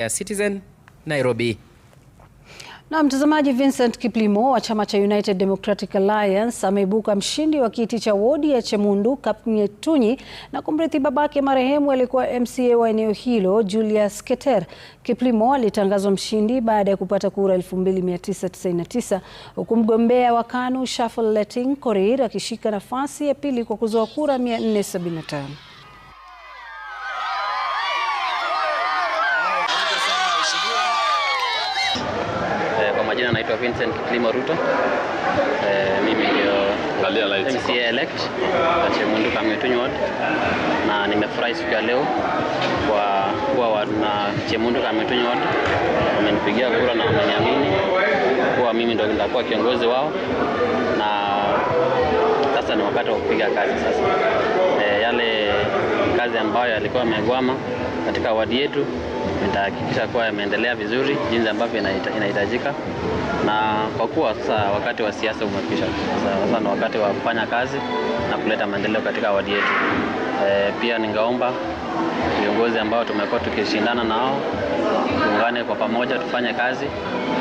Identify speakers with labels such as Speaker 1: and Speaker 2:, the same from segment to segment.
Speaker 1: Ya Citizen Nairobi.
Speaker 2: Na mtazamaji, Vincent Kiplimo wa chama cha United Democratic Alliance ameibuka mshindi wa kiti cha wodi ya Chemundu kapnyetunyi na kumrithi babake marehemu aliyekuwa MCA wa eneo hilo Julius Keter. Kiplimo alitangazwa mshindi baada ya kupata kura 2999 huku mgombea wa KANU Shuffle Letting Korir akishika nafasi ya pili kwa kuzoa kura 475.
Speaker 3: majina naitwa Vincent Kitlimo Ruto. Eh, mimi ndio MCA elect Kachemundu Kang'etun ward, na nimefurahi siku ya leo kwa kuwa na Chemundu Kang'etun ward wamenipigia kura na wameniamini kuwa mimi ndio nitakuwa kiongozi wao, na sasa ni wakati wa kupiga kazi sasa. Eh, yale kazi ambayo yalikuwa yamegwama katika wadi yetu nitahakikisha kuwa yameendelea vizuri jinsi ambavyo inahitajika, na kwa kuwa sasa wakati wa siasa umekwisha, sasa ni wakati wa kufanya kazi na kuleta maendeleo katika wadi yetu. E, pia ningeomba viongozi ambao tumekuwa tukishindana nao tuungane kwa pamoja, tufanye kazi,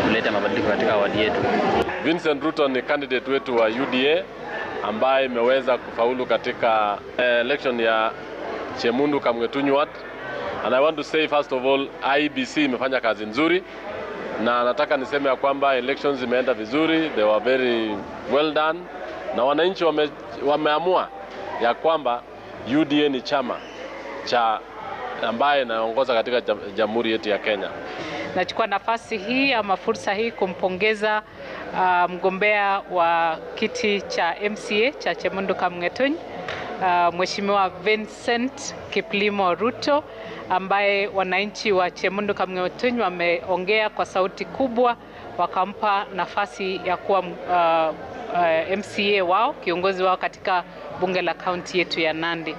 Speaker 3: tulete mabadiliko katika wadi yetu.
Speaker 4: Vincent Ruto ni candidate wetu wa UDA ambaye imeweza kufaulu katika eh, election ya Chemundu kamwetunywat And I want to say first of all, IBC imefanya kazi nzuri na nataka niseme ya kwamba elections imeenda vizuri, they were very well done, na wananchi wame, wameamua ya kwamba UDA ni chama cha ambaye inaongoza katika jamhuri yetu ya Kenya.
Speaker 5: Nachukua nafasi hii ama fursa hii kumpongeza uh, mgombea wa kiti cha MCA cha Chemundu Kamngetuny uh, Mheshimiwa Vincent Kiplimo Ruto ambaye wananchi wa Chemundu Kamng'etony wameongea kwa sauti kubwa, wakampa nafasi ya kuwa uh, uh, MCA wao, kiongozi wao katika bunge la kaunti yetu ya Nandi.